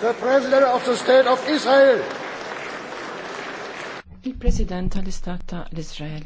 the President of the State of Israel. Il-President tal-Istat ta' l-Izrael.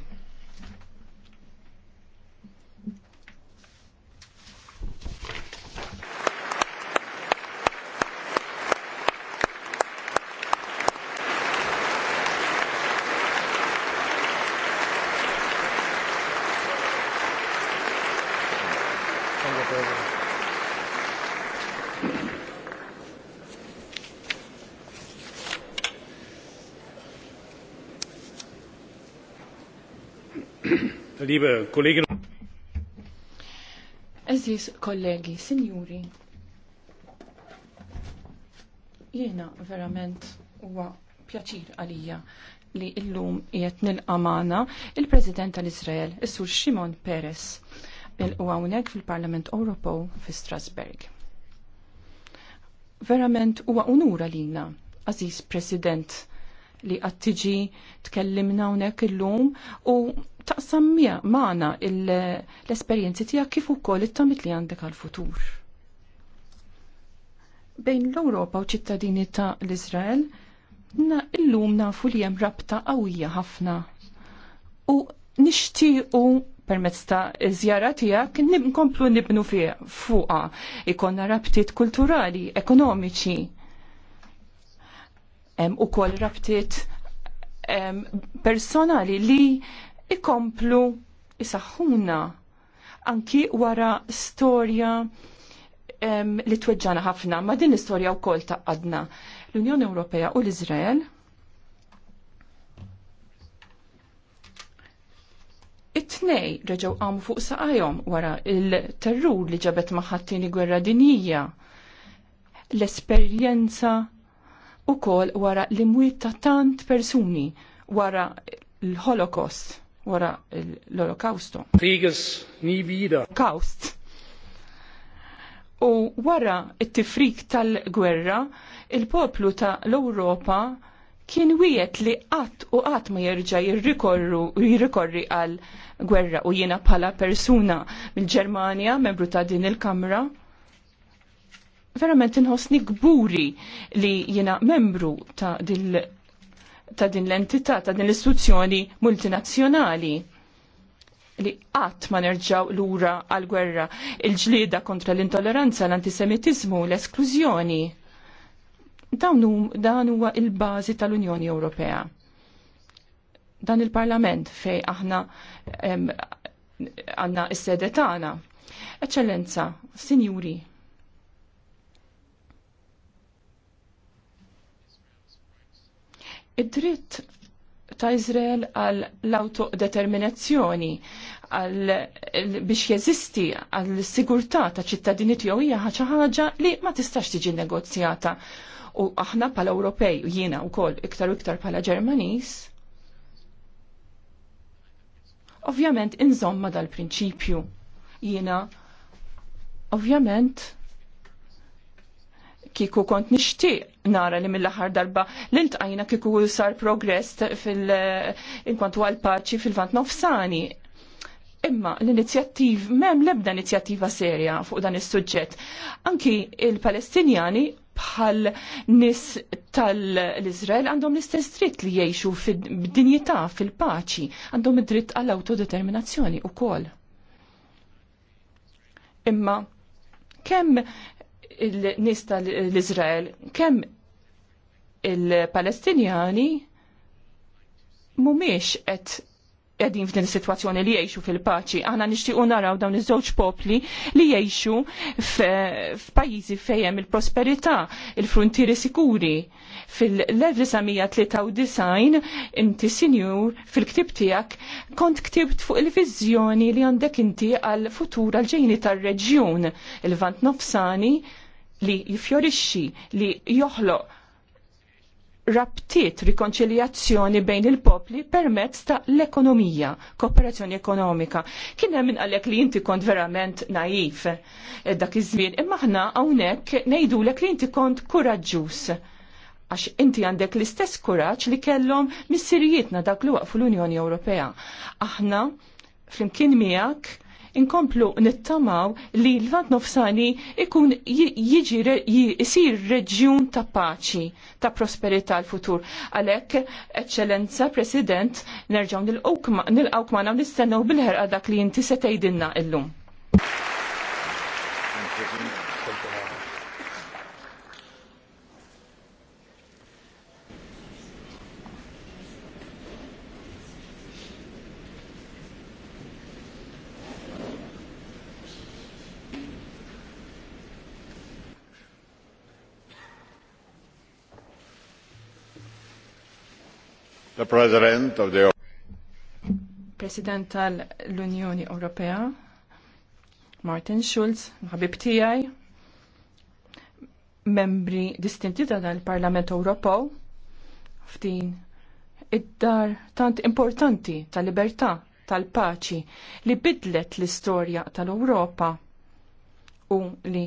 liebe Kolleginnen und Eżis kollegi, signori, jena verament huwa pjaċir għalija li illum qiegħed nil-amana il-President tal izrael is-Sur Shimon Peres, u hawnhekk fil-Parlament Ewropew fi Strasberg. Verament huwa unura lina, Aziz President, li qatt tiġi tkellimna hawnhekk illum u taqsam magħna l-esperjenzi tiegħek kif ukoll it-tamit li għandek għall-futur. Bejn l-Ewropa u ċittadini ta' l-Iżrael, na illum nafu li hemm rabta qawwija ħafna. U nixtiequ permezz ta' żjara tiegħek nkomplu nibnu fuqha ikonna rabtiet kulturali, ekonomiċi kol ukoll rabtiet personali li ikomplu isaħuna anki wara storja li tweġġana ħafna ma din l-istorja wkoll taqadna l-Unjoni Ewropea u l-Iżrael it-tnej reġgħu għamu fuq saqajhom wara il-terrur li ġabet maħattini gwerra dinija l-esperjenza u kol wara li mwiet ta' tant persuni wara l-Holocaust, wara l holocausto Kriegers ni wieder. Kaust. U wara it-tifrik tal-gwerra, il-poplu ta' l-Europa kien wiet li qatt u qatt ma jerġa' jirrikorru jirrikorri għal gwerra u jiena bħala persuna mill-Ġermanja, membru ta' din il-Kamra, verament inħossni gburi li jiena membru ta' dil ta' din l-entità, ta' din l-istituzzjoni multinazzjonali li qatt ma nerġaw lura għal gwerra il-ġlieda kontra l-intolleranza, l-antisemitizmu, l-esklużjoni. Dan huwa il-bażi tal-Unjoni Ewropea. Dan il-Parlament fej aħna għanna s sede tagħna. Eċċellenza, Sinjuri, id-dritt ta' Izrael għal l-autodeterminazzjoni għal biex jeżisti għal sigurtà ta' ċittadini tiegħu hija ħaġa ħaġa li ma tistax tiġi negozjata. U aħna pal Ewropej u jiena wkoll iktar u iktar pala Ġermaniż. Ovvjament inżomma dal-prinċipju. Jiena ovvjament kiku kont nixtieq nara li mill-aħħar darba l-intqajna kiku sar progress fil-inkwantu għal-paċi fil-vant nofsani. Imma l-inizjattiv, mem lebda inizjattiva serja fuq dan is-suġġett. Anki il-Palestinjani bħal nis tal-Izrael għandhom l-istess dritt li jgħixu fil dinjità fil-paċi, għandhom id-dritt għall-autodeterminazzjoni u kol. Imma kemm il-nis tal-Izrael, kemm il-Palestinjani mumiex qed qegħdin f'din is-sitwazzjoni li jgħixu fil-paċi. Aħna nixtiequ naraw dawn iż-żewġ popli li jgħixu f'pajjiżi fejjem il-prosperità, il-fruntieri sikuri. Fil-1993 inti sinjur fil-ktib tiegħek kont ktibt fuq il-viżjoni li għandek inti għal futur għal ġejni tar-reġjun il-Vant Nofsani li jifjorixxi li joħloq rabtiet rikonċiljazzjoni bejn il-popli permezz ta' l-ekonomija, kooperazzjoni ekonomika. Kien hemm għalek li inti kont verament naif eh, dak iż-żmien, imma aħna hawnhekk ngħidulek li inti kont kuraġġuż. Għax inti għandek l-istess kuraġġ li kellhom missirijietna dak li waqfu l-Unjoni Ewropea. Aħna flimkien miegħek inkomplu nittamaw li l-vant nofsani ikun jiġi jisir reġjun ta' paċi, ta' prosperità l-futur. Għalek, eccellenza, President, nerġaw nil-awkmana u nistennaw bil-ħerqa dak li jinti se tgħidilna illum. The President of the President tal-Unjoni Ewropea, Martin Schulz, ħabib tiegħi, membri distinti tal-Parlament Ewropew, ftin id-dar tant importanti tal-libertà, tal-paċi li bidlet l-istorja tal-Ewropa u li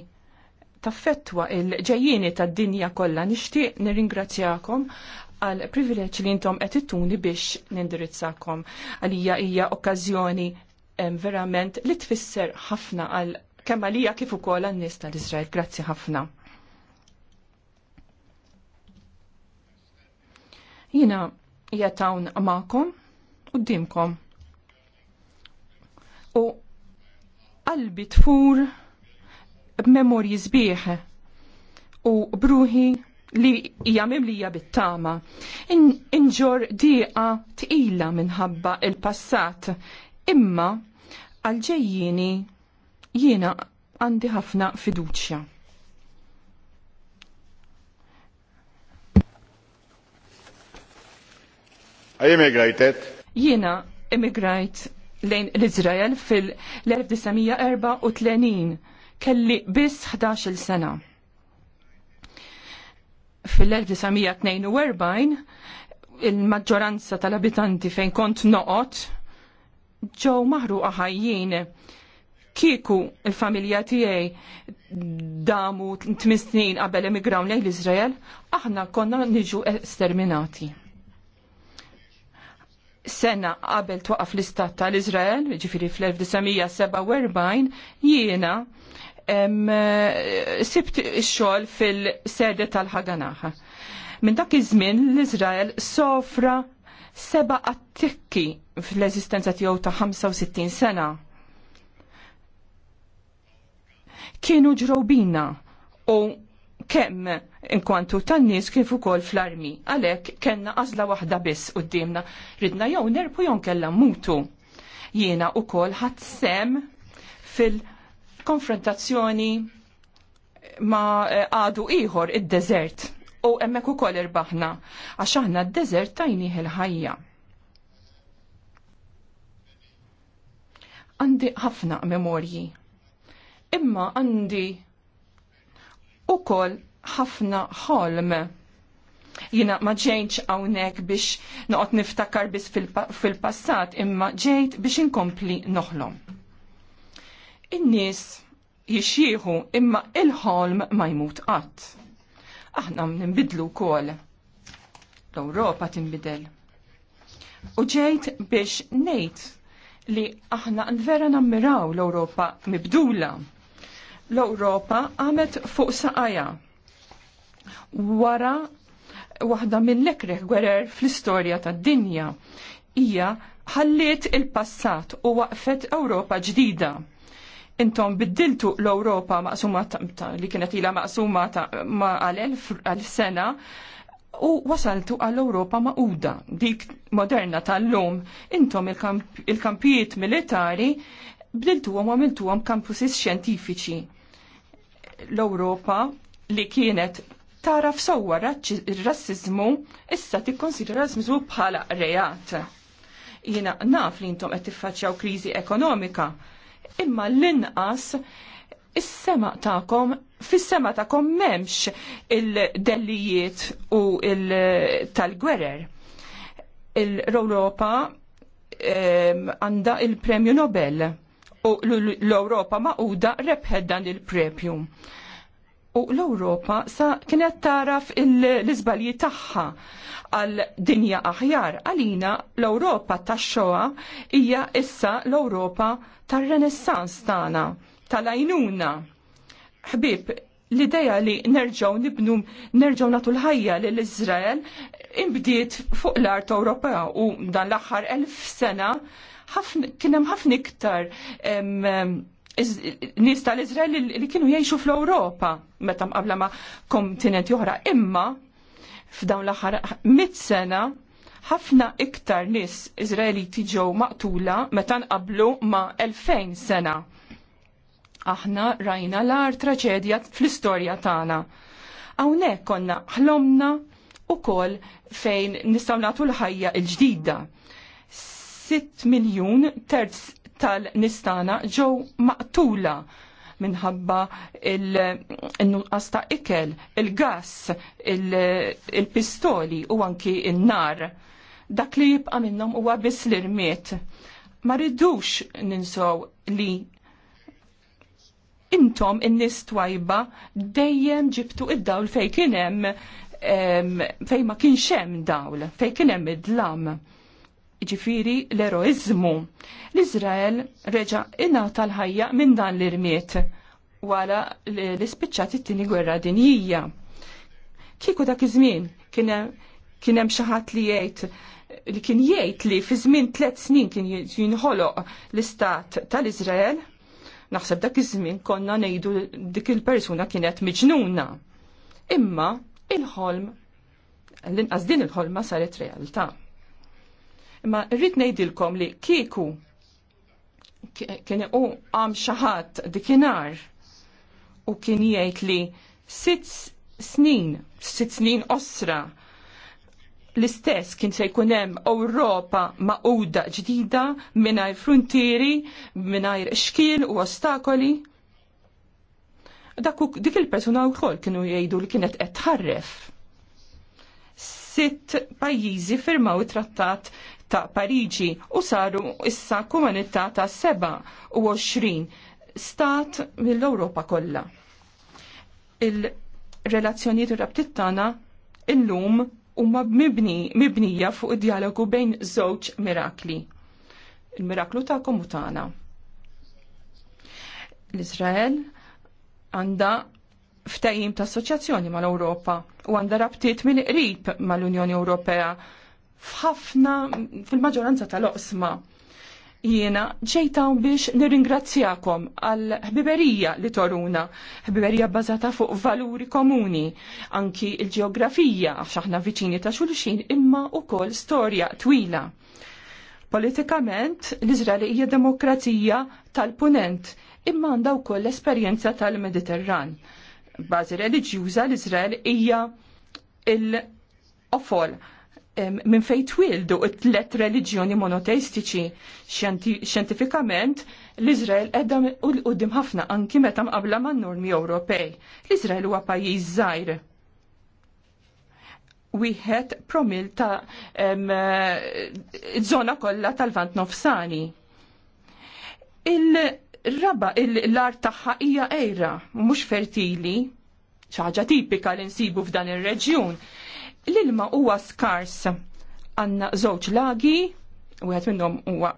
taffettwa il-ġejjini tad-dinja kollha nixtieq nirringrazzjakom għal privileġġ li intom qed ittuni biex nindirizzakom. Għalija hija okkażjoni verament li tfisser ħafna għal kemm għalija kif ukoll għan-nies tal-Iżrael. Grazzi ħafna. Jina hija tawn magħkom qudiemkom. U qalbi tfur b'memorji sbieħ u bruħi li hija mimlija bit-tama. Inġor diqa tqila minħabba il-passat, imma għalġejjini jiena għandi ħafna fiduċja. Għaj emigrajtet? Jiena emigrajt lejn l-Izrael fil-1934 kelli biss 11 sena fil-1942 il-maġġoranza tal-abitanti fejn kont noqot ġew maħru ħajjin. Kieku il-familja tiegħi damu tmis snin qabel emigraw lejn l-Iżrael, aħna konna niġu esterminati sena qabel twaqaf l-istat tal iżrael ġifiri fl-1947, jiena sibt ix-xogħol fil-sede tal-Ħaganaħa. Minn dak iż-żmien l izrael sofra seba' attikki fl-eżistenza tiegħu ta' 65 sena. Kienu ġrobina u kemm inkwantu tan-nies kif ukoll fl-armi. Għalhekk kellna għażla waħda biss qudiemna. Ridna jew nerpu jew kellha mutu. Jiena ukoll ħadd sem fil- konfrontazzjoni ma' għadu ieħor id-deżert u hemmhekk ukoll irbaħna għax aħna d-deżert tajnih il-ħajja. Għandi ħafna memorji. Imma għandi ukoll ħafna ħolm jina ma ġejċ għawnek biex noqot niftakar bis fil-passat imma ġejt biex inkompli noħlom in-nies jixjieħu imma il-ħolm ma jmut qatt. Aħna nimbidlu wkoll. L-Ewropa tinbidel. U ġejt biex ngħid li aħna vera nammiraw l-Ewropa mibdula. L-Ewropa għamet fuq saqajja. Wara waħda minn l-ekreħ gwerer fl-istorja tad-dinja hija ħalliet il-passat u waqfet Ewropa ġdida intom biddiltu l-Europa maqsuma li kienet ila maqsuma ma għal-sena u wasaltu għall-Europa maquda, dik moderna tal-lum. Intom il-kampijiet militari bdiltu għom għamiltu għom kampusis xjentifiċi. L-Europa li kienet tara f'sowa r-rassizmu issa tikkonsidera rassizmu bħala rejat. Jiena naf li intom qed tiffaċċjaw kriżi ekonomika, imma l-inqas is-sema tagħkom fis-sema tagħkom m'hemmx il-dellijiet u il tal-gwerer. Il-Europa għanda il-Premju Nobel u l-Europa uda rebħed dan il-premju u l-Europa sa kienet taraf l-izbalji tagħha għal dinja aħjar. Għalina l-Europa tax-xoa hija issa l-Europa tar-Renessans tagħna, tal-għajnuna. Ħbib, l-ideja li nerġaw nibnu nerġaw natu l-ħajja li l iżrael imbdiet fuq l-art Ewropea u dan l-aħħar elf sena kien hemm ħafna iktar nis tal-Izrael li kienu jiexu fl-Europa meta mqabla ma' kontinenti oħra. Imma f'dawn l-aħħar mit sena ħafna iktar nis Izraeli ġew maqtula meta nqablu ma' 2000 sena. Aħna rajna l-ar traċedja fl-istorja tagħna. Hawnhekk konna ħlomna ukoll fejn nistgħu nagħtu l-ħajja l-ġdida. 6 miljun terz tal-nistana ġew maqtula minħabba il-nuqqas ta' ikel, il-gas, il-pistoli u anki il-nar. Dak li jibqa minnom huwa biss l-irmiet. Ma ridux ninsow li intom in-nies twajba dejjem ġibtu id-dawl fej kien hemm fej ma kienx hemm dawl, fej kien hemm id-dlam ġifiri l-eroizmu. L-Izrael reġa inna tal-ħajja minn dan l-irmiet wara l-ispiċċat it-tieni gwerra dinjija. Kieku dak iż-żmien kien hemm xi ħadd li jgħid li kien jgħid li fi żmien tliet snin kien jinħoloq l-istat tal-Iżrael, naħseb dak iż-żmien konna ngħidu dik il-persuna kienet miġnuna. Imma il-ħolm l-inqas din il-ħolma saret realtà. Ma rrit ngħidilkom li kieku kien u għam xaħat dikinar u kien jgħid li sitt snin, sitt snin osra l-istess kien se jkun hemm Ewropa maquda ġdida mingħajr fruntieri, mingħajr xkiel u ostakoli. Dak dik il-persuna wkoll kienu jgħidu li kienet qed tħarref. Sitt pajjiżi firmaw it-trattat ta' Pariġi u saru issa komunità ta' 27 stat mill-Ewropa kollha. Il-relazzjonijiet u rabtiet tagħna illum huma mibni, mibnija fuq id-dialogu bejn żewġ mirakli. Il-miraklu ta' komutana. L-Izrael għanda ftajim ta' assoċjazzjoni mal-Ewropa u għanda rabtiet mill-qrib mal-Unjoni Ewropea f'ħafna fil-maġġoranza tal-oqsma. Jiena ġejta biex nirringrazzjakom għal ħbiberija li toruna, ħbiberija bbażata fuq valuri komuni, anki il-ġeografija f'xaħna viċini ta' xulxin imma kol storja twila. Politikament, l-Izraeli hija demokrazija tal-punent, imma għandha wkoll l-esperjenza tal-Mediterran. Bażi reliġjuża l-Izrael hija il-ofol minn fejn twildu t-tlet reliġjoni monoteistiċi xjentifikament l-Izrael edha u l-qoddim ħafna anki meta mqabla man normi Ewropej. L-Izrael huwa pajjiż żgħir. Wieħed promil ta' żona eh, kollha tal-vant nofsani. Il-raba, l-art tagħha hija ejra, mhux fertili, xi ħaġa tipika li nsibu f'dan ir-reġjun L-ilma huwa skars għanna żewġ lagi, u għet minnum huwa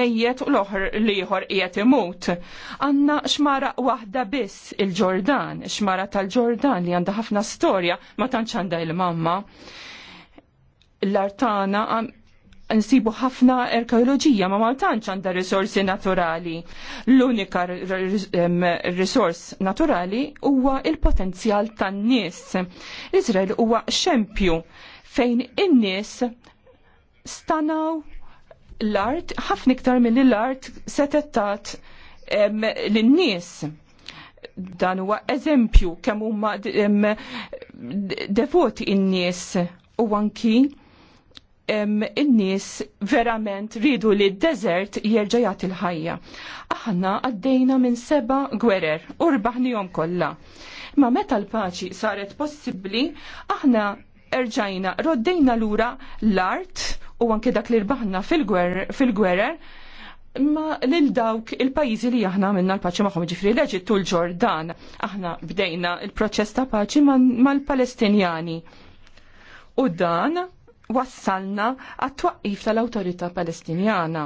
mejjet u l-oħr liħor qiegħed imut. Għandna xmara waħda biss il-Ġordan, xmara tal-Ġordan li għandha ħafna storja ma tantx għandha il-mamma. L-artana nsibu ħafna arkeoloġija ma maltanċ għanda risorsi naturali. L-unika risors naturali huwa il-potenzjal tan-nies. Izrael huwa xempju fejn in-nies stanaw l-art ħafna iktar minn l-art setettat l-nies dan huwa eżempju kemm huma devoti in-nies u anki in-nies verament ridu li d-desert jerġa' jagħti ħajja Aħna għaddejna minn seba gwerer u rbaħnihom kollha. Ma meta l-paċi saret possibbli, aħna erġajna roddejna lura l-art u anke dak li rbaħna fil-gwerer Ma lil dawk il-pajizi li aħna minna l-paċi maħom ġifri leġi tul ġordan aħna bdejna il-proċess ta' paċi mal-Palestinjani. U dan wassalna għat-twaqqif tal autorita palestinjana.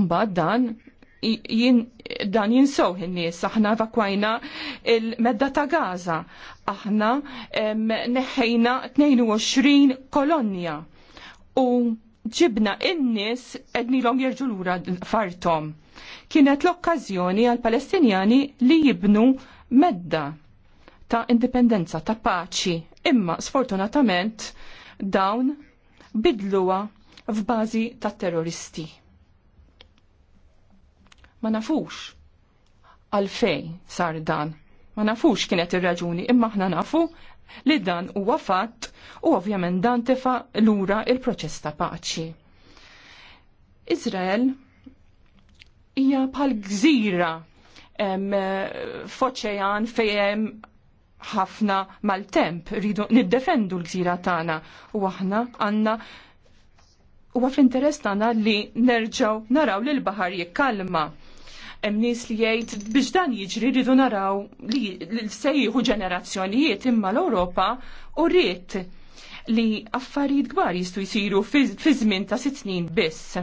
Umbad dan jien dan jinsow in-nies aħna evakwajna il-medda ta' Gaza. Aħna neħħejna 22 kolonja u ġibna in-nies jirġu jerġu lura fartom. Kienet l-okkażjoni għal palestinjani li jibnu medda ta' indipendenza, ta' paċi. Imma sfortunatament dawn bidluwa f'bażi ta' terroristi. Ma nafux għalfej sar dan. Ma nafux kienet ir-raġuni imma aħna nafu li dan huwa fatt u ovvjament dan tefa lura il-proċess ta' paċi. Izrael hija bħal gżira eh, foċejan fejem ħafna mal-temp, rridu niddefendu l-gżira tagħna u aħna għandna huwa fl-interess tagħna li nerġgħu naraw li l-baħar jikkalma. Hemm nies li jgħid biex dan jiġri rridu naraw li se sejħu ġenerazzjonijiet imma l-Ewropa u rrid li affarijiet kbar jistgħu jsiru fi żmien ta' sitt snin biss.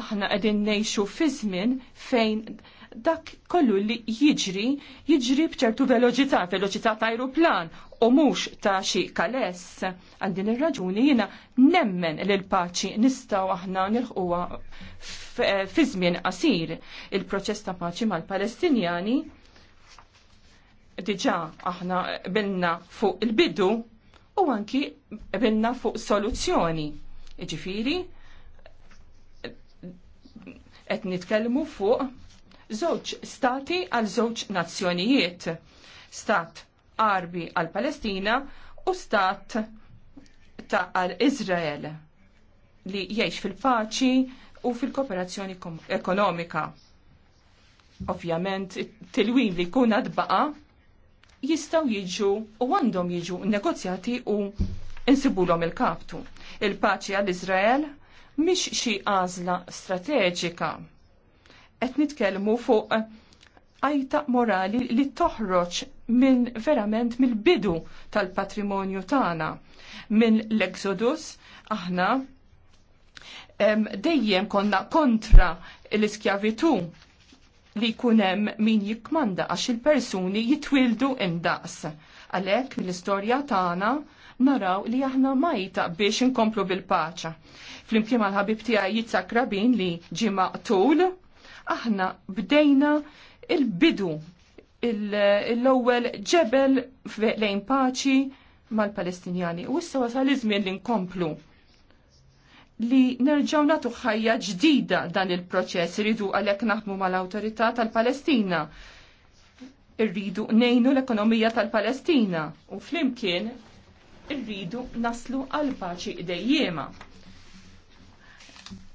Aħna qegħdin ngħixu fi żmien fejn dak kollu li jiġri, jiġri bċertu veloċità, veloċità ta' aeroplan u mhux ta' xi kaless. Għal din ir-raġuni jiena nemmen li l-paċi nistgħu aħna nilħquha fi żmien qasir. Il-proċess ta' paċi mal-Palestinjani diġà aħna bilna fuq il-bidu u anki bilna fuq soluzzjoni. Ġifiri, qed nitkellmu fuq żewġ stati għal żewġ nazzjonijiet, stat Arbi għal Palestina u stat ta' għal Izrael li jgħix fil-paċi u fil-kooperazzjoni ekonomika. Ovvjament, tilwim li kun għadbaqa jistaw jiġu u għandhom jiġu negozjati u insibulhom il-kaptu. Il-paċi għal Izrael mhix xi għażla strateġika qed nitkellmu fuq ajta morali li toħroġ minn verament mill-bidu tal-patrimonju tagħna. Minn l-Exodus aħna dejjem konna kontra l-iskjavitu li kunem min jikmanda għax il-persuni jitwildu indaqs. Għalek l-istorja tagħna naraw li aħna majta biex inkomplu bil-paċa. Flimkien mal-ħabib tiegħi jitzak rabin li ġi maqtul aħna bdejna il-bidu l-ewwel ġebel lejn paċi mal-Palestinjani. U issa wasal iż-żmien li nkomplu li nerġaw nagħtu ħajja ġdida dan il-proċess iridu għalhekk naħdmu mal-awtorità tal-Palestina. Irridu nejnu l-ekonomija tal-Palestina u flimkien irridu naslu għal paċi dejjema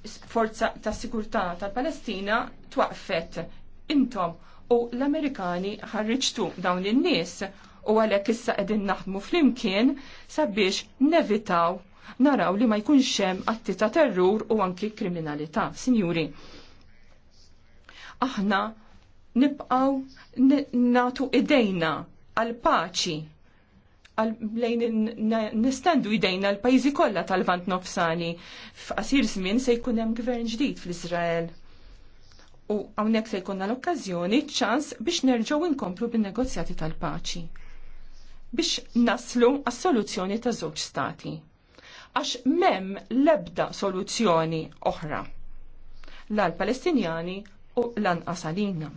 forza ta' sigurtà tal-Palestina twaqfet intom u l-Amerikani ħarriġtu dawn in-nies u għalhekk issa qegħdin naħdmu flimkien sabiex nevitaw naraw li ma jkunx hemm atti ta' terrur u anki kriminalità, sinjuri. Aħna nibqaw natu idejna għal paċi lejn nistendu idejna l-pajzi kollha tal-vant nofsani. F'qasir żmien se jkun hemm gvern ġdid fl-Iżrael. U hawnhekk se jkunna l-okkażjoni ċans biex nerġgħu inkomplu bin-negozjati tal-paċi. Biex naslu għas-soluzzjoni ta' żewġ stati. Għax mem lebda soluzzjoni oħra l-Palestinjani u l għalina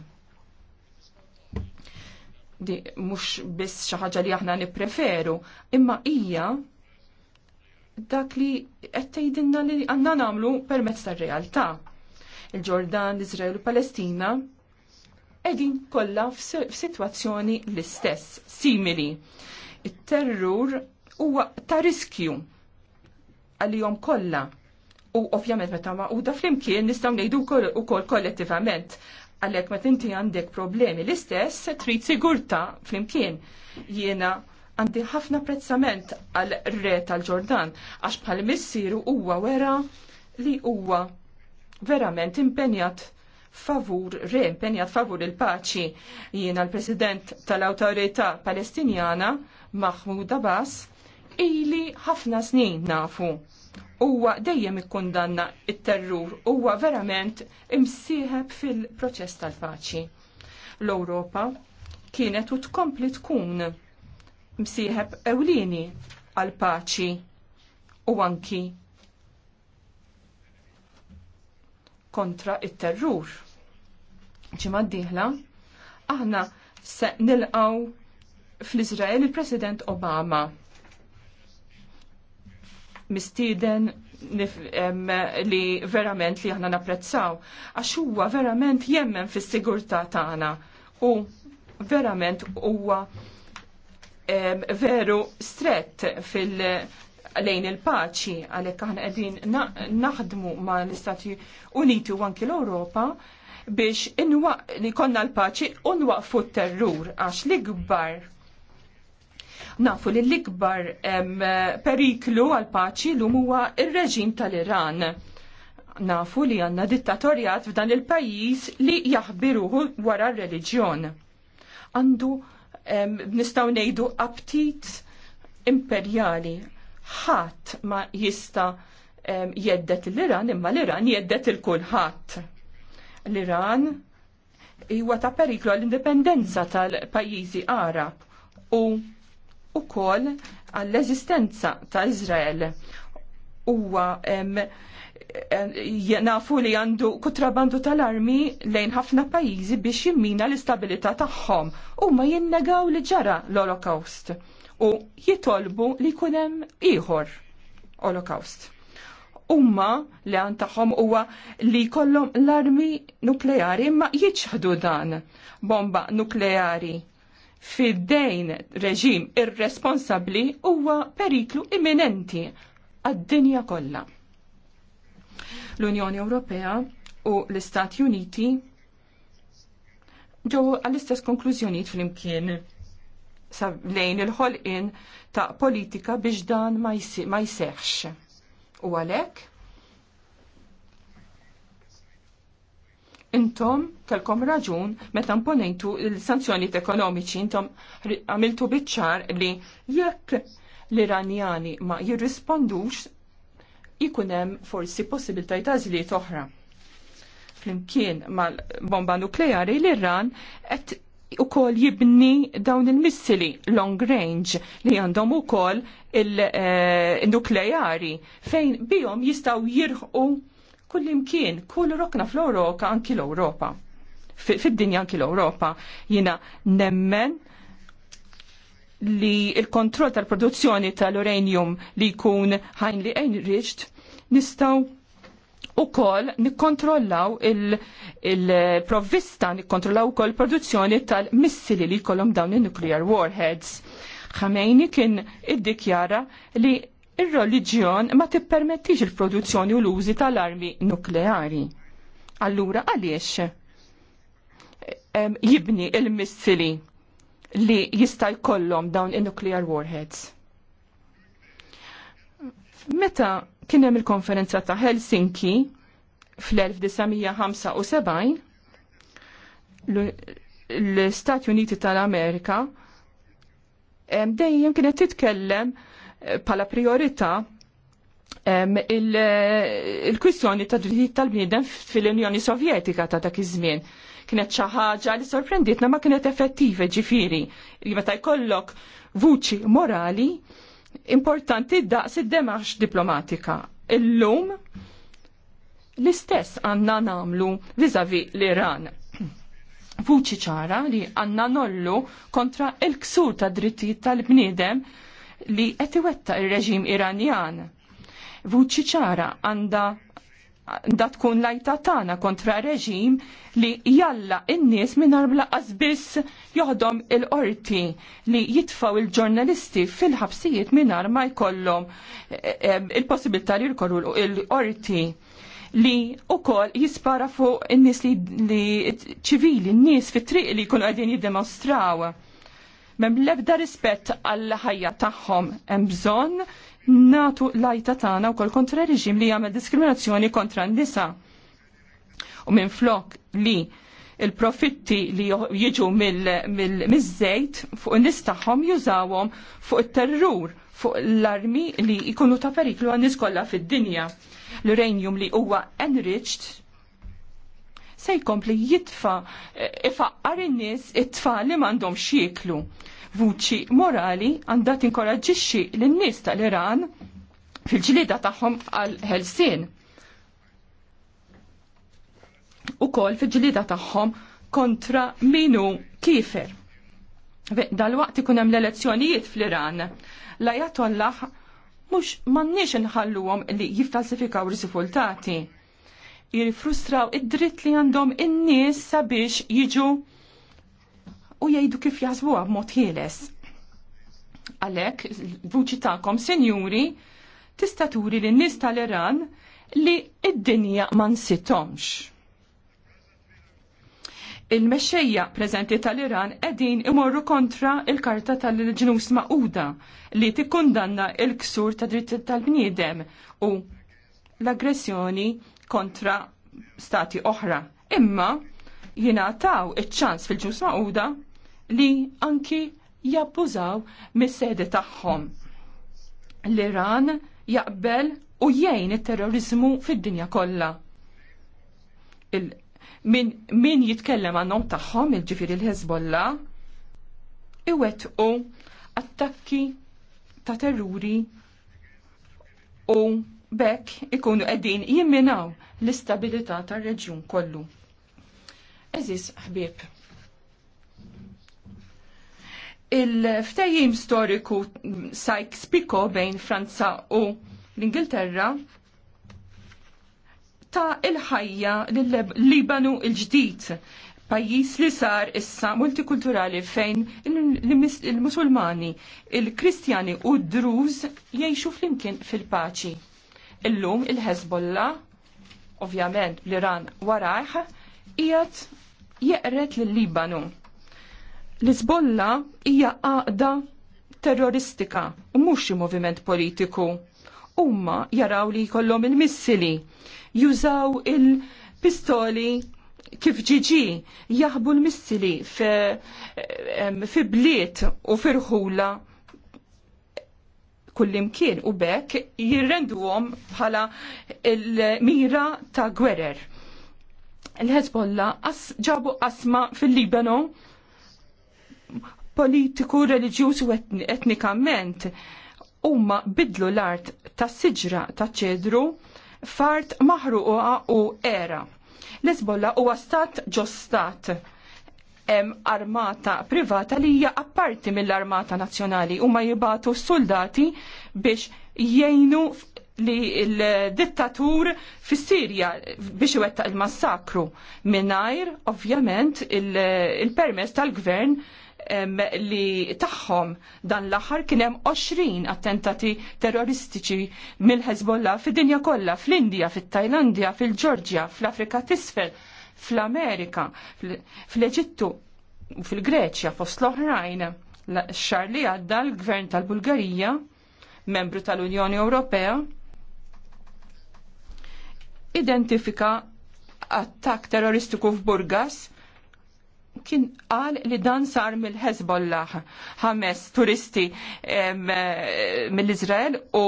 di mux biss xaħġa li aħna nipreferu, imma ija dak li għettejdinna li għanna namlu permezz tar realtà Il-Ġordan, l-Izrael u Palestina edin kolla f-situazzjoni l-istess, simili. Il-terrur huwa ta' riskju għal-jom kolla. U ovvjament meta ma' u daflim flimkien nistaw nejdu u kol kollettivament għalek ma tinti għandek problemi l-istess se trid sigurta flimkien jiena għandi ħafna prezzament għal re tal-ġordan għax bħal missieru huwa wera li huwa verament impenjat favur, re impenjat favur il-paċi jiena l-president tal-autorità palestinjana Mahmoud Abbas ili ħafna snin nafu huwa dejjem ikkundanna it-terrur, huwa verament imsieħeb fil-proċess tal-paċi. L-Ewropa kienet u tkompli tkun msieħeb ewlieni għal paċi u anki kontra it-terrur. Ġimma diħla, aħna se nilqaw fl-Izrael il-President Obama mistieden li verament li aħna napprezzaw. Għax huwa verament jemmen fis-sigurtà tagħna u verament huwa veru strett fil- lejn il-paċi għalhekk aħna qegħdin naħdmu ma' l-Istati Uniti u anki l-Ewropa biex li konna l-paċi u nwaqfu t-terrur għax l-ikbar Nafu li l-ikbar periklu għal paċi l huwa il reġim tal-Iran. Nafu li għanna dittatorjat f'dan il-pajis li jaħbiruhu wara r-reliġjon. Għandu nistaw nejdu aptit imperjali. ħadd ma jista' jeddet l-Iran imma l-Iran jeddet il-kulħadd. L-Iran huwa ta' periklu għall-indipendenza tal-pajjiżi Arab u u kol għall-eżistenza ta' Izrael. Uwa nafu li għandu kutrabandu tal-armi lejn ħafna pajizi biex jimmina l istabilita tagħhom u ma jinnegaw li ġara l-Holocaust u jitolbu li kunem ieħor Holocaust umma li għan taħħom huwa li kollom l-armi nukleari ma jieċħdu dan bomba nukleari fid-dejn reġim irresponsabbli huwa periklu imminenti għad-dinja kollha. L-Unjoni Ewropea u l-Istati Uniti ġew għall-istess konklużjonijiet flimkien lejn il-ħolqien ta' politika biex dan ma jseħħx. U għalhekk intom kelkom raġun meta imponejtu l-sanzjonijiet ekonomiċi intom għamiltu biċċar li jekk l-Iranjani ma jirrispondux ikun hemm forsi possibilitajiet ta' żliet oħra. Flimkien mal-bomba nukleari l-Iran qed ukoll jibni dawn il-missili long range li għandhom ukoll il-nukleari eh, fejn bihom jistgħu jirħu kull imkien, kull rokna fl-Europa, anki l-Europa. Fid-dinja anki l-Europa, jina nemmen li il-kontroll tal-produzzjoni tal-uranium li jkun highly enriched nistaw u kol nikkontrollaw il-provvista, il nikkontrollaw u kol produzzjoni tal-missili li kolom dawn il-nuclear warheads. Khamenei kien iddikjara li Ir-reliġjon ma tippermettix il-produzzjoni u l-użi tal-armi nukleari. Allura għaliex jibni il-missili li jista' jkollhom dawn in-nuclear warheads. Meta kien hemm il-konferenza ta' Helsinki fl-1975 l-Stati Uniti tal-Amerika dejjem kienet titkellem pala priorita il-kwistjoni ta' drittijiet tal-bniedem fil-Unjoni Sovjetika ta' dak iż-żmien kienet xi ħaġa li sorprenditna ma kienet effettiva ġifiri. Meta jkollok vuċi morali importanti daqs id-demax diplomatika. Illum l-istess għanna namlu vizavi l-Iran. Vuċi ċara li għanna nollu kontra il-ksur ta' drittijiet tal-bniedem li qed il ir-reġim Iranjan. Vuċi ċara għandha da tkun lajta tagħna kontra reġim li jalla in-nies mingħajr blaqqas biss joħdom il-qorti li jitfaw il-ġurnalisti fil-ħabsijiet mingħajr ma jkollhom eh, eh, il-possibilità li jkollu il-qorti li u kol jispara fuq in-nies li ċivili, n nies fit-triq li kunu għedin jiddemostraw mem lebda rispett għall ħajja tagħhom hemm bżonn natu lajta tagħna wkoll kontra reġim li jagħmel diskriminazzjoni kontra n-nisa. U minn flok li il-profitti li jiġu mill-żejt fuq n-nis tagħhom jużawhom fuq it-terrur fuq l-armi li jkunu ta' periklu għan kollha fid-dinja. L-uranium li huwa enriched se jkompli jitfa eh, ifaqqar in-nies it-tfal li m'għandhom xieklu. Vuċi morali għandha tinkoraġġixxi lin-nies tal-Iran fil-ġlida tagħhom għal ħelsien. Ukoll fil-ġlida tagħhom kontra minu kifer. Dal-waqt ikun hemm l-elezzjonijiet fl-Iran. La jatollah mux mannix nħalluhom li jiftalsifikaw risultati jirfrustraw id-dritt li għandhom in-nies sabiex jiġu u jgħidu kif jażbuha b'mod ħieles. Għalhekk, vuċi ta'kom, sinjuri, tista' turi lin-nies tal-Iran li id-dinja ma sitomx. Il-mexxejja preżenti tal-Iran qegħdin imorru kontra il-Karta tal-Ġnus Maquda li tikkundanna il-ksur ta' dritt tal-bniedem u l-aggressjoni kontra stati oħra. Imma jina taw iċ-ċans fil-ġus ma'uda li anki jabbużaw mis-sede tagħhom. L-Iran jaqbel u jgħin it-terrorizmu fid-dinja kollha. Min, min jitkellem għannom tagħhom il-ġifieri l-Hezbollah iwettqu attakki ta' terruri u bekk ikunu qegħdin jimminaw l-istabilità tar-reġjun kollu. Eżis ħbieb. Il-ftejjim storiku sajk spiko bejn Franza u l-Ingilterra ta' il-ħajja l-Libanu il-ġdid, pajjiż li sar issa multikulturali fejn il-Musulmani, il-Kristjani u d-Druż jgħixu flimkien fil-paċi. Illum il-Hezbollah, ovvjament bl-Iran warajħ, jgħat jeqret l-Libanu. L-Hezbollah hija għaqda terroristika u mhux moviment politiku. Umma jaraw li jkollhom il-missili, jużaw il-pistoli kif ġiġi jaħbu l-missili fi bliet u firħula kullimkien u bekk jirrenduhom bħala il-mira ta' gwerer. Il-Hezbollah as ġabu asma fil-Libano politiku, reliġjuż u etnikament huma bidlu l-art tas siġra ta' ċedru fart maħruqa u era. L-Hezbollah huwa stat ġostat stat hemm armata privata li hija apparti mill-armata nazzjonali u ma jibatu soldati biex jgħinu li l-dittatur fis sirja biex iwettaq il-massakru minnajr, ovvjament il-permess tal-gvern li tagħhom dan l-aħħar kien hemm 20 attentati terroristiċi mill-Hezbollah fid-dinja kollha, fl-Indja, fit-Tajlandja, fil-Ġorġja, fl-Afrika t'isfel fl-Amerika, fl-Eġittu u fil-Greċja fost l-oħrajn. Xar li għadda l-Gvern tal-Bulgarija, membru tal-Unjoni Ewropea, identifika attak terroristiku f'Burgas kien qal li dan sar mill-Hezbollah ħames turisti mill-Izrael u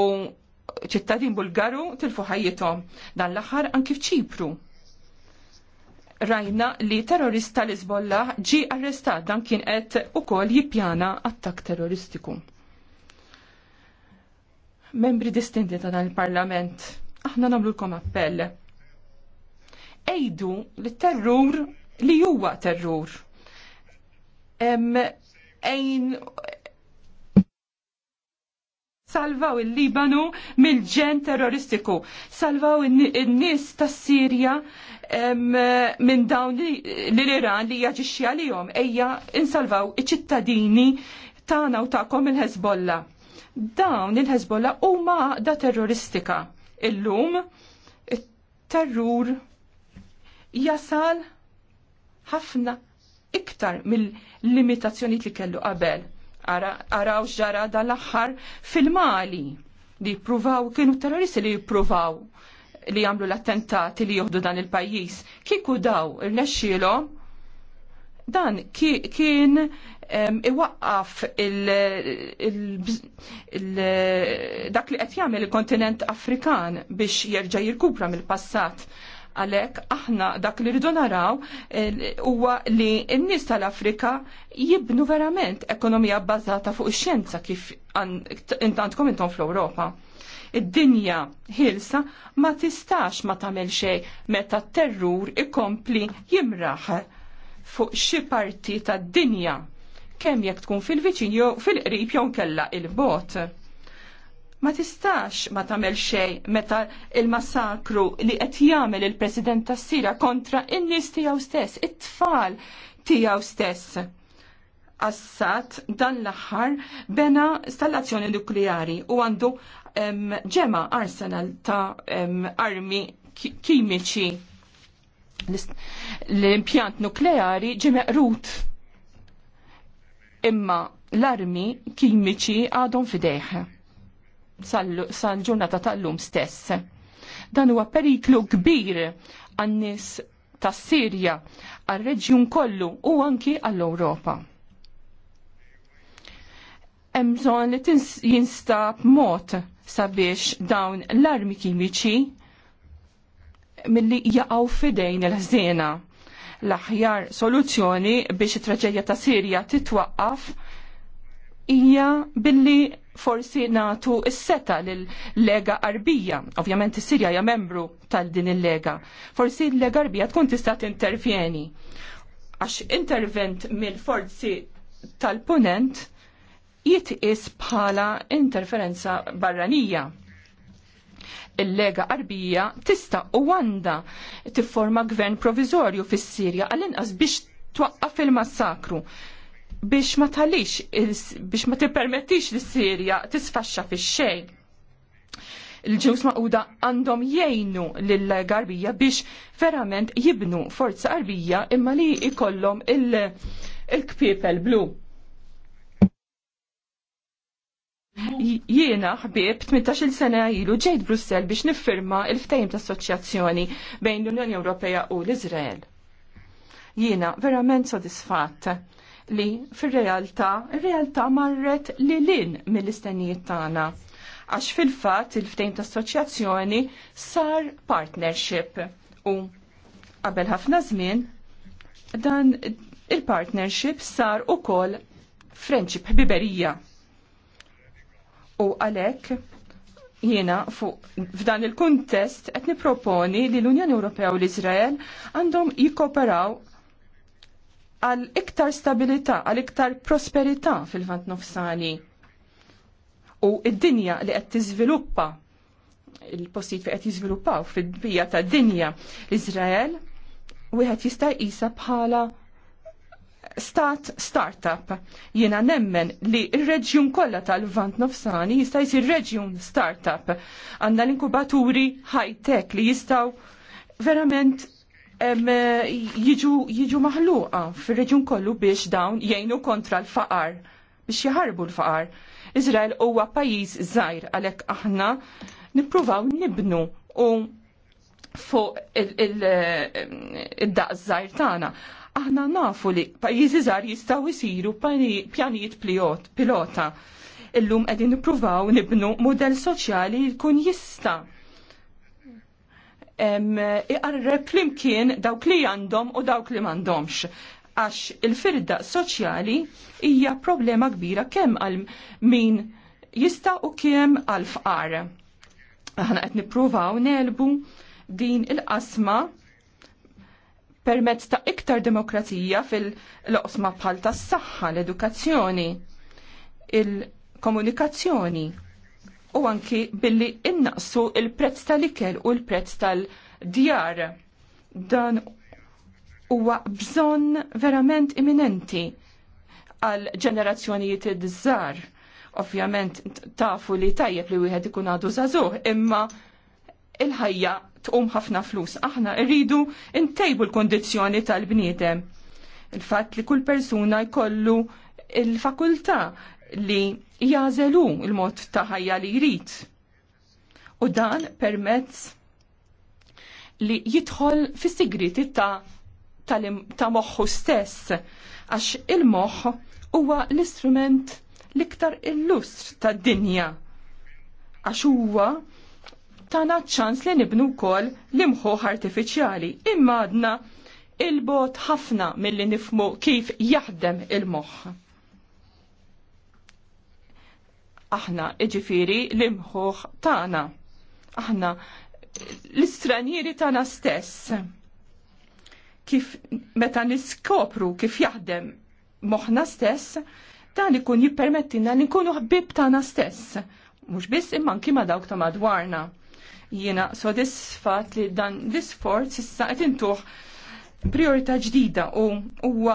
ċittadin Bulgaru tilfu ħajjithom dan l-aħħar anki f'Ċipru rajna li terrorista l-Izbolla ġi arrestat dan kien qed ukoll jippjana attak terroristiku. Membri distinti ta' dan il-Parlament, aħna nagħmlulkom appell. Ejdu li terrur li huwa terrur. Ejn salvaw il-Libanu mill-ġen terroristiku, salvaw il-nis tas sirja minn dawn l-Iran li jaġixxi għalihom ejja insalvaw iċ-ċittadini tagħna u tagħkom il-Hezbollah. Dawn il-Hezbollah huma da terroristika. Illum it-terrur jasal ħafna iktar mill-limitazzjoni li kellu qabel Araw ġara dal-axħar fil-Mali li jippruvaw, kienu terroristi li jippruvaw li jamlu l-attentati li joħdu dan il-pajis. Kiku daw il-nexxilom dan kien iwaqqaf dak li qed jagħmel il-kontinent Afrikan biex jerġa' jirkupra mill-passat Għalhekk aħna dak li rridu naraw eh, huwa li n-nies tal-Afrika jibnu verament ekonomija bbażata fuq ix-xjenza kif intantkom intom fl-Ewropa. Id-dinja ħilsa ma tistax ma tagħmel xejn meta t-terrur ikompli jimraħ fuq xi parti tad-dinja kemm jekk tkun fil-viċin jew fil-qrib jew kella il-bot ma tistax ma tagħmel xejn meta il-massakru li qed jagħmel il-President tas-Sira kontra in-nies tiegħu stess, it-tfal tiegħu stess. Assad dan l-aħħar bena installazzjoni nukleari u għandu ġema arsenal ta' em, armi kimiċi. L-impjant nukleari ġi meqrut. Imma l-armi kimiċi għadhom fidejħ sal-ġurnata tal-lum stess. Dan huwa periklu kbir għan-nies tas-Sirja, għal-reġjun kollu u anki għall-Ewropa. Hemm bżonn li jinstab mod sabiex dawn l-armi kimiċi milli jaqgħu fidejn il-ħżiena. L-aħjar soluzzjoni biex it-traġedja ta' Sirja titwaqqaf hija billi forsi natu s-seta l-lega arbija. Ovvjament is-Sirja hija membru tal-din il-lega. Forsi l-lega arbija tkun tista' intervjeni. Għax intervent mill-forzi tal-punent jitqis bħala interferenza barranija. Il-lega arbija tista' u għanda tifforma gvern provizorju fis-Sirja għall-inqas biex twaqqaf il-massakru biex ma talix, biex ma tippermettix li Sirja tisfaxxa fix xejn il-ġews maquda għandhom jgħinu l garbija biex verament jibnu forza qarbija imma li ikollhom il-kpiepel blu. Jiena ħbib 18 sena ilu ġejt Brussel biex niffirma il-ftejm ta' assoċjazzjoni bejn l-Unjoni Ewropea u l-Iżrael. Jiena verament sodisfatt li fil-realtà, il-realtà marret li lin mill-istennijiet tagħna. Għax fil-fatt il-ftejn ta' assoċjazzjoni sar partnership u qabel ħafna żmien dan il-partnership sar ukoll friendship biberija. U għalhekk jiena fuq f'dan il-kuntest qed niproponi li l-Unjoni Ewropea u l-Iżrael għandhom jikkoperaw għal iktar stabilità, għal iktar prosperità fil-vant nofsani. U id-dinja li qed tiżviluppa il-postijiet fi qed jiżviluppaw fid-bija ta' dinja Izrael wieħed jista' jisa bħala stat startup. Jiena nemmen li r-reġjun kollha tal-Vant Nofsani jista' jsir reġjun startup. Għandna l-inkubaturi high-tech li jistgħu verament jiġu maħluqa fir-reġjun kollu biex dawn jgħinu kontra l-faqar biex jħarbu l-faqar. Izrael huwa pajjiż żgħir għalhekk aħna nippruvaw nibnu u fuq id-daqs żgħir tagħna. Aħna nafu li pajjiżi żgħar jistgħu jsiru pjanijiet pilota. Illum qegħdin nippruvaw nibnu mudell soċjali jkun jista' iqarreb flimkien dawk li għandhom u dawk li m'għandhomx għax il-firda soċjali hija problema kbira kemm għal min jista' u kemm għal fqar. Aħna qed nippruvaw nelbu din il-qasma permezz ta' iktar demokrazija fil-loqsma bħal tas-saħħa, l-edukazzjoni, il-komunikazzjoni, u anki billi innaqsu il-prezz tal-ikel u l-prezz tal-djar. Dan huwa bżonn verament imminenti għal ġenerazzjonijiet id żar Ovvjament tafu li tajjeb li wieħed ikun għadu żagħżugħ, imma il-ħajja tqum ħafna flus. Aħna rridu ntejbu l-kondizzjoni tal-bniedem. Il-fatt li kull persuna jkollu il-fakultà li jazelu il-mod ta' ħajja li jrid. U dan permezz li jidħol fis-sigriti ta' ta' moħħu stess, għax il-moħħ huwa l-istrument l-iktar illustr tad dinja għax huwa tana ċans li nibnu kol l-imħuħ artifiċjali imma għadna il-bot ħafna mill-li nifmu kif jaħdem il-moħħ. aħna iġifiri l-imħuħ tagħna. Aħna l-istranieri tagħna stess. Kif meta niskopru kif jaħdem moħħna stess, dan ikun jippermettina li nkunu ħbib tagħna stess. Mhux biss imma anki ma dawk ta' madwarna. Jiena sodisfat li dan l-isforz issa qed priorità ġdida u huwa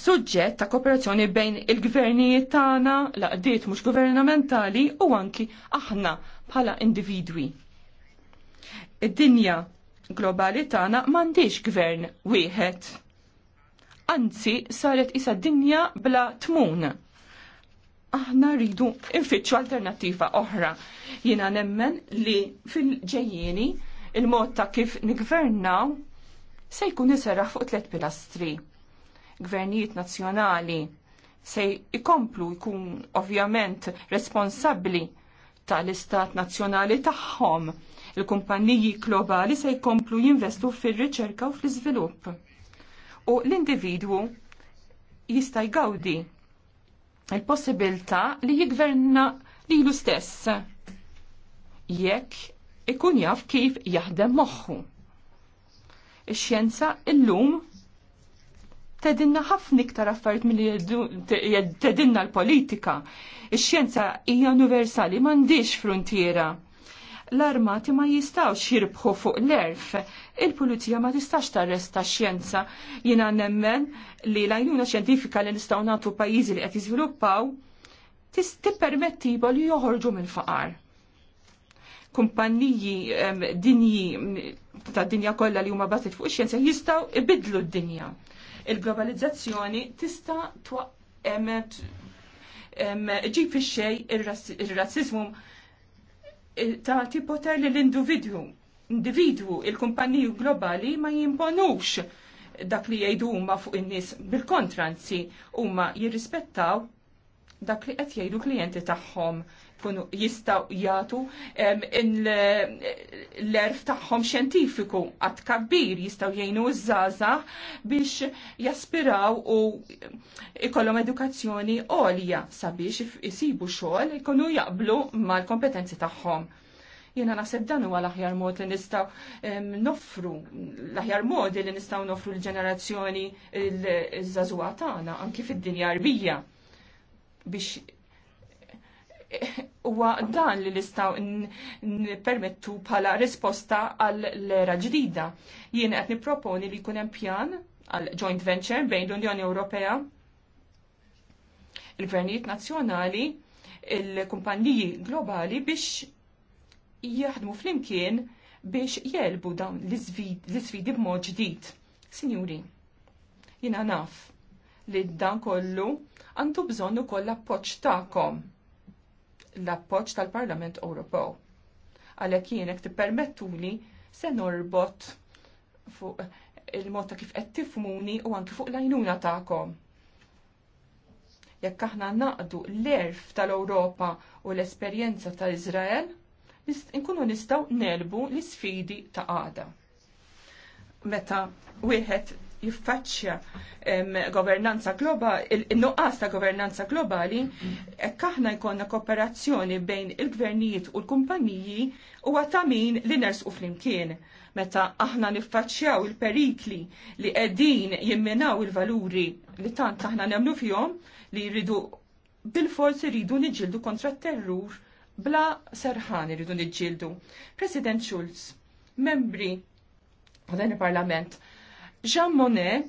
suġġett ta' kooperazzjoni bejn il-gvernijiet tagħna, laqdiet mhux governamentali u anki aħna bħala individwi. Id-dinja globali tagħna m'għandix gvern wieħed. Anzi, saret isa dinja bla tmun aħna rridu infittxu alternattiva oħra. jiena nemmen li fil-ġejjieni il-mod ta' kif nigvernaw se jkun iserraħ fuq tliet pilastri gvernijiet nazzjonali se jkomplu jkun ovvjament responsabbli tal-istat nazzjonali tagħhom. Il-kumpaniji globali se jkomplu jinvestu fir-riċerka u fl-iżvilupp. U l-individwu jista' jgawdi il-possibilità li jigverna lilu stess jekk ikun jaf kif jaħdem moħħu. Ix-xjenza illum tedinna ħafna iktar affarijiet milli tedinna l-politika. Ix-xjenza hija universali m'għandix frontiera. L-armati ma jistawx jirbħu fuq l-erf. Il-pulizija ma tistax tarresta xjenza. Jiena nemmen li l-għajnuna xjentifika li nistgħu nagħtu pajjiżi li qed jiżviluppaw tippermettiba li joħorġu mill-faqar. Kumpanniji dinji ta' dinja kollha li huma bażit fuq ix-xjenza jistgħu ibidlu d-dinja. Il-globalizzazzjoni tista' twa ġib fi xej il-rassizmu eh, ta' tipoter li l-individwu. Individwu, individwu il kumpanniju globali ma jimponux dak li jgħidu huma fuq in-nies bil-kontranzi huma jirrispettaw dak li qed jgħidu klijenti tagħhom kunu jistaw jgħatu l-erf tagħhom xjentifiku għat kabbir jistaw jgħinu z-zaza biex jaspiraw u ikollhom edukazzjoni għolja sabiex jisibu xogħol ikunu jaqblu mal-kompetenzi tagħhom. Jena nasib dan huwa l-aħjar mod li nistgħu nofru l-aħjar modi li nistgħu nofru l-ġenerazzjoni l-żażuha tagħna anke fid-dinja rbija biex huwa dan li nistgħu nippermettu bħala risposta għal l-era ġdida. Jien qed nipproponi li jkun hemm pjan għal joint venture bejn l-Unjoni Ewropea il-gvernijiet nazzjonali, il-kumpaniji globali biex jaħdmu flimkien biex jelbu dawn l-sfidi b'mod ġdid. Sinjuri, jina naf li dan kollu għandu bżonnu koll appoċ ta'kom l-appoġġ tal-Parlament Ewropew. Għalhekk jienek tippermettuli se norbot fuq il-mod ta' kif qed tifmuni u anki fuq l-għajnuna tagħkom. Jekk aħna naqdu l-erf tal-Ewropa u l-esperjenza ta' Iżrael, nkunu nistgħu nelbu l-isfidi ta' għada. Meta wieħed jiffaċċja governanza globali, il-nuqqas ta' governanza globali, hekk aħna jkollna kooperazzjoni bejn il-gvernijiet u l-kumpaniji huwa ta' min li nersqu flimkien. Meta aħna niffaċċjaw il-perikli li qegħdin jimminaw il-valuri li tant aħna nemlu fihom li jridu bil-forsi jridu niġġieldu kontra terrur bla serħan iridu niġġieldu. President Schulz, membri ta' dan il-Parlament, Jean Monnet,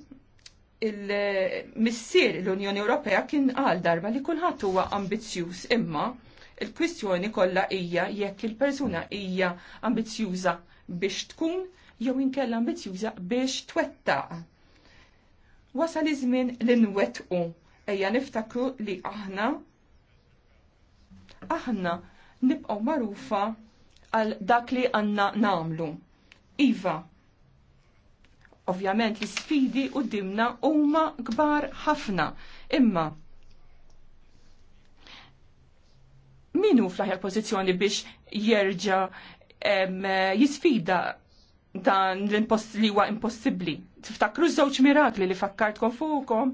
il-missir l-Unjoni Ewropea kien għal darba li kulħadd huwa ambizzjuż imma il-kwistjoni kollha hija jekk il-persuna hija ambizzjuża biex tkun jew inkella ambizzjuża biex twettaq. Wasal iż-żmien li nwettqu ejja niftakru li aħna aħna nibqgħu magħrufa għal dak li għandna nagħmlu. Iva, Ovvjament l-sfidi u dimna huma kbar ħafna. Imma minu fl-aħjar pożizzjoni biex jerġa' jisfida dan l-impost li huwa impossibbli. Tiftakru żewġ mirakli li fakkartkom fuqhom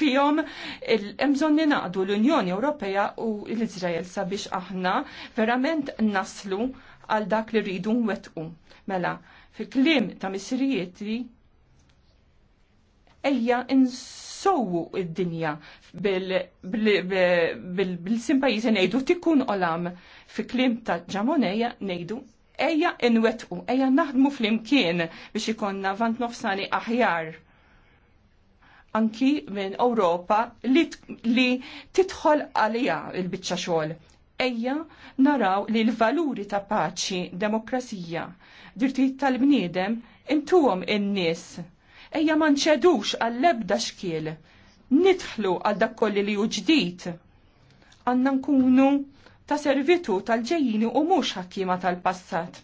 fihom hemm bżonn ninaqdu l-Unjoni Ewropea u l-Iżrael sabiex aħna verament naslu għal dak li rridu nwettqu. Mela, fi kliem ta' misrijiet ejja insowu id-dinja bil-sim pajjiżi ngħidu tikkun olam fi klim ta' ġamoneja ngħidu ejja inwetqu, ejja naħdmu flimkien biex ikonna vant nofsani aħjar anki minn Ewropa li, li titħol għalija il-bicċa xogħol ejja naraw li l-valuri ta' paċi, demokrazija, dirtit tal-bniedem intuhom in-nies ejja ma nċedux għall-ebda xkiel. Nidħlu għal dak kolli li hu ġdid. Għandna nkunu ta' servitu tal-ġejjini u mhux ħakkima tal-passat.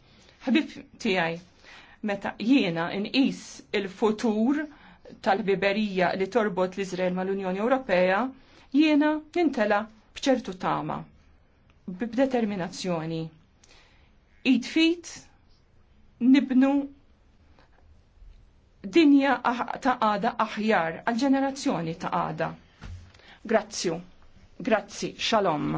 Ħbib tiegħi, meta jiena nqis il-futur tal-biberija li torbot l-Iżrael mal-Unjoni Ewropea, jiena nintela bċertu tama, b'determinazzjoni. Id fit nibnu dinja ah, ta' għada aħjar, għal-ġenerazzjoni ta' għada. Grazzi, grazzi, shalom.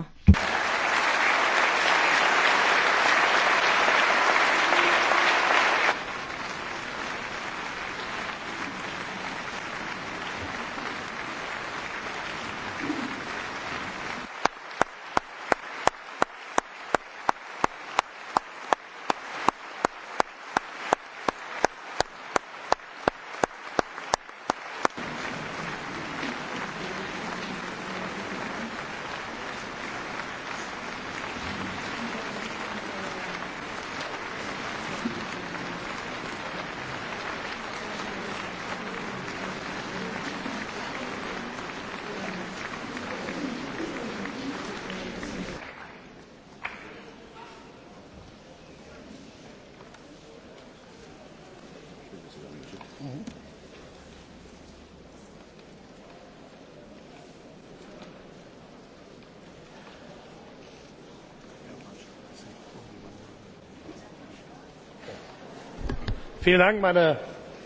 Vielen Dank, meine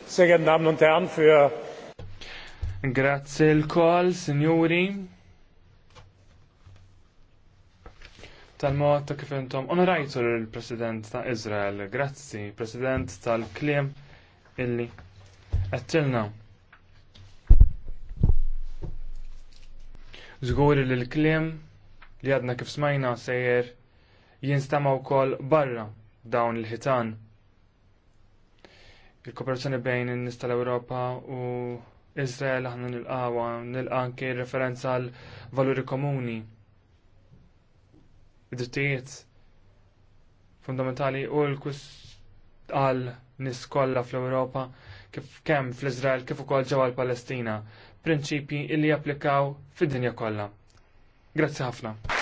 sehr geehrten Damen und Herren, für. Grazie il call, signori. Tal-mod ta' kif intom onorajtu l-President ta' Izrael. Grazzi, President tal-kliem illi għattilna. Zguri li l-kliem li għadna kif smajna sejjer jinstamaw kol barra dawn il-ħitan il-kooperazzjoni bejn in-nies tal-Ewropa u Izrael aħna nilqawa, nilqa anke referenza għal valuri komuni. Id-drittijiet fundamentali u l-kus għal nies kollha fl-Ewropa kif kemm fl-Iżrael kif ukoll ġewwa l-Palestina, prinċipji li japplikaw fid-dinja kollha. Grazzi ħafna.